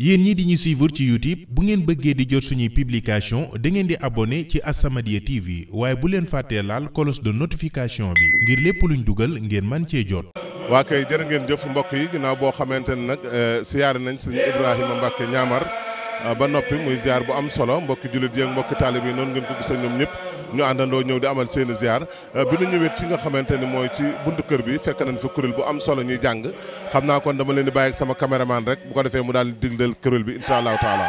yéen ñi di ñu suivre ci YouTube bu ngeen bëggee di jot suñuy publication da ngeen di abonné ci As-Samadiyya TV waaye bu leen fàttee laal kolos de notification bi ngir lépp luñ dugal ngeen man cee jot. waa kay jërë ngeen jëf mbokk yi ginnaaw boo xamante ne nag eh, siyaare nañ sëñ Ibrahima Mbacke Ñaamar. Euh, ba noppi muy ziar bu am solo mbokki jullit yi ak mbokki taalib yi noonu ngeen ko gis ñoom ñëpp ñu àndandoo ñëw di amal seen ziar euh, bi ñu ñëwee fi nga xamante ni mooy ci buntu kër bi fekk nañ fa kuréel bu am solo ñuy jàng xam naa kon dama leen di bàyyi ak sama caméraman rek bu ko defee mu daal di digleel kuréel bi incha allahu taala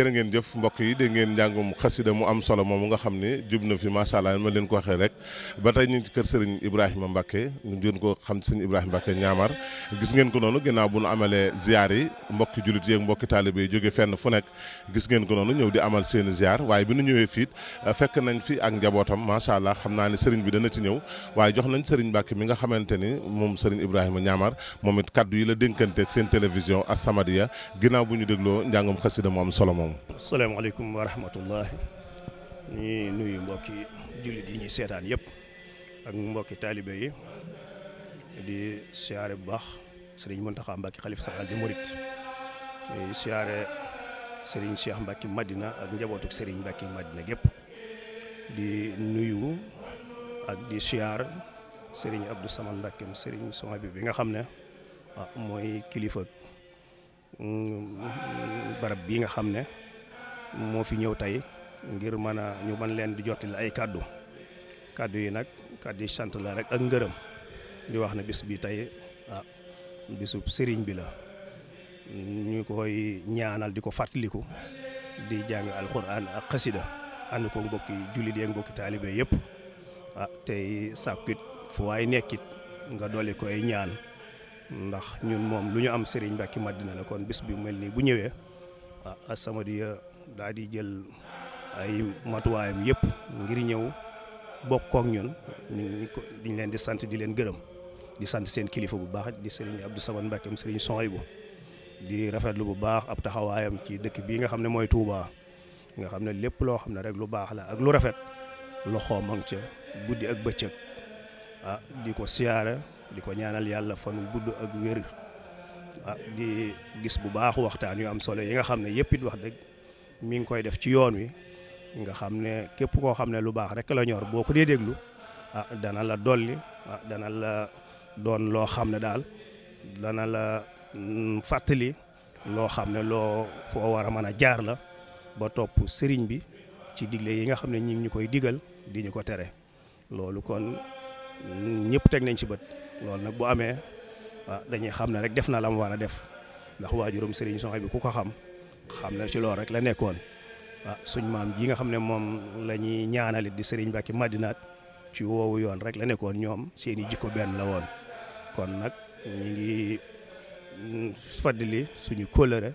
jërë ngeen jëf mbokk yi dégg ngeen njàngum xasida mu am solo moomu nga xam ne jub na fi macha allah ma leen ko waxee rek ba tey ñu ngi ci kër sëriñ Ibrahima Mbacke ñu jën ko xam sëriñ Ibrahima Mbacke ñaamar gis ngeen ko noonu ginnaaw bu nu amalee ziar yi mbokki jullit yeeg mbokki taalibe yi jóge fenn fu nekk gis ngeen ko noonu ñëw di amal seeni ziar waaye bi nu ñëwee fiit fekk nañ fi ak njabootam macha allah xam naa ne sëriñ bi dana ci ñëw waaye jox nañ sëriñ Mbacke mi nga xamante ni moom sëriñ Ibrahima ñaamar moom it kaddu yi la dénkanteeg seen télévision As-Samadiyya ginnaaw bu ñu dégloo njàngum xasida mu am solo moom moom. asalaamaaleykum wa rahmatullah ñuy nuyu mbokki jullit yi ñuy seetaan yëpp ak mbokki taalibe yi di siyaare bu baax sëriñ Mountakha Mbacké xalif saxal di murit siyaare sëriñ Cheikh Mbacké Madina ak njabootuk sëriñ mbakki Madina gépp di nuyu ak di siyaar sëriñ Abdou Samane Mbacké sëriñ Sohabi bi nga xam ne ah mooy kilifa. barab bii nga xam ne moo fi ñëw tey ngir mën a ñu mën leen di jottali ay kàddu kàddu yi nag kàddu yi sant la rek ak ngërëm di wax ne bis bi tey ah bisub sëriñ bi la ñu koy ñaanal di ko fàttaliku di jàng alxuraan ak xasida ànd ko mbokki jullit yi ak mbokki taalibe yëpp ah tey sàkkit fu waay nekkit nga dolli koy ñaan ndax ñun moom lu ñu am Serigne Mbacke Madina la kon bis bi mel nii bu ñëwee ah, sama di samadiyya daal di jël ay matuwaayam yëpp ngir ñëw bokkook ñun ñu ñu leen di sant di leen gërëm di sant seen kilifa bu baax di Serigne Abdou Samad Mbacke am Serigne Souhaïbou di rafetlu bu baax ab taxawaayam ci dëkk bii nga xam ne mooy Touba nga xam ne lépp loo xam ne rek lu baax la ak lu rafet loxoom a ngi ca guddi ak bëccëg ah, di ko siyaare. di ko ñaanal yàlla fanu gudd ak wér ah, di gis bu baax waxtaan yu am solo yi nga xam ne yëpp it wax dëgg mi ngi koy def ci yoon wi nga xam ne képp koo xam ne lu baax rek la ñor boo ko dee déglu ah dana la dolli ah dana la doon loo xam ne daal dana la mm, fàttali loo xam ne loo foo war a mën a jaar la ba topp sëriñ bi ci digle yi nga xam ne ñi ñu koy digal di ñu ko tere loolu kon ñépp teg nañ ci bët loolu nag bu amee waaw ah, dañuy xam ne rek def na lam mu war a def ndax waajuram sëriñ Soxna bi ku ko xam xam na ci lool rek la nekkoon waaw ah, suñ maam ji nga xam ne moom la ñuy ñaanalit di sëriñ Mbàkke Madinaat ci woowu yoon rek la nekkoon ñoom seeni i jikko benn la woon kon nag ñu ngi mm, fàttali suñu kóllëre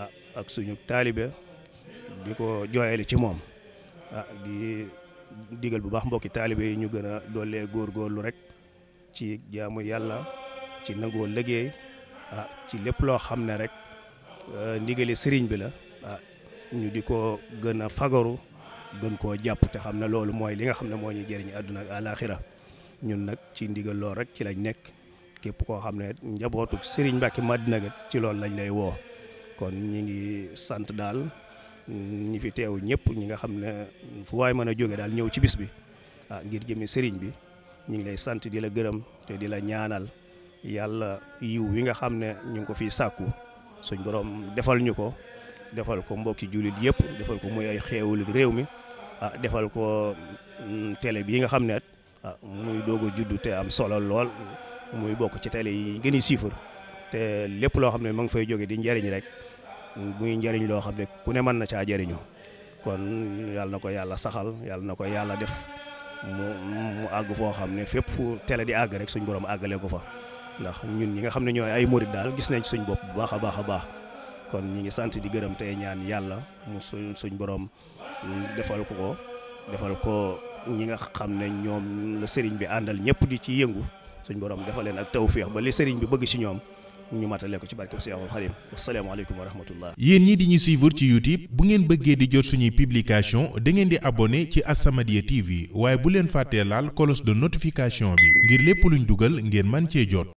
ah, ak suñu taalibe di ko jooyale ci moom di digal bu baax mbokki taalibe yi ñu gën a doolee góorlu rek ci jaamu yàlla ci nangoo liggéey ah ci lépp loo xam ne rek euh, ndigali sëriñ bi la ah, ñu di ko gën a fagaru gën koo jàpp te xam ne loolu mooy li nga xam ne moo ñu jëriñ àdduna ak ñun nag ci ndigal lool rek ci lañ nekk képp koo xam ne njabootu sëriñ Mbàkke Madina ci loolu lañ lay woo kon ñu ngi sant daal ñi fi teew ñëpp ñi nga xam ne fu waay mën a joge daal ñëw ci bis bi ah ngir jëmi sëriñ bi ñu ngi lay sant di la gërëm te di la ñaanal yàlla yiw wi nga xam ne ñu ngi ko fiy sàkku suñ borom defal ñu ko defal ko mbokki julit yëpp defal ko muy ay xeewul réew mi ah defal ko mm, bi yi nga xam ne ah muy doog a juddu te am solo lool muy bokk ci télé yi gën a siifar te lépp loo xam ne ma ngi fay jóge di njëriñ rek. muy njariñ loo xam ne ku ne man na caa jëriñu kon yàlla na ko yàlla saxal yàlla na ko yàlla def mu mu àgg foo xam ne fépp fu télé di àgg rek suñ borom àggale ko fa ndax ñun ñi nga xam ne ñooy ay murit daal gis nañ suñ bopp bu baax a baax a baax kon ñi ngi sant di gërëm tey ñaan yàlla mu suñ suñ borom defal ko ko defal ko ñi nga xam ne ñoom la sëriñ bi àndal ñëpp di ci yëngu suñ borom defal leen ak tawféex ba li sëriñ bi bëgg ci ñoom ñu matale ko ci barkeb Seexul Xadim wasalaamaaleykum wa rahmatullah yéen ñi di ñu suivre ci youtube bu ngeen bëggee di jot suñuy publication da ngeen di abonné ci As-Samadiyya TV waaye bu leen fàttee laal cloche de notification bi ngir lépp luñ dugal ngeen man cee jot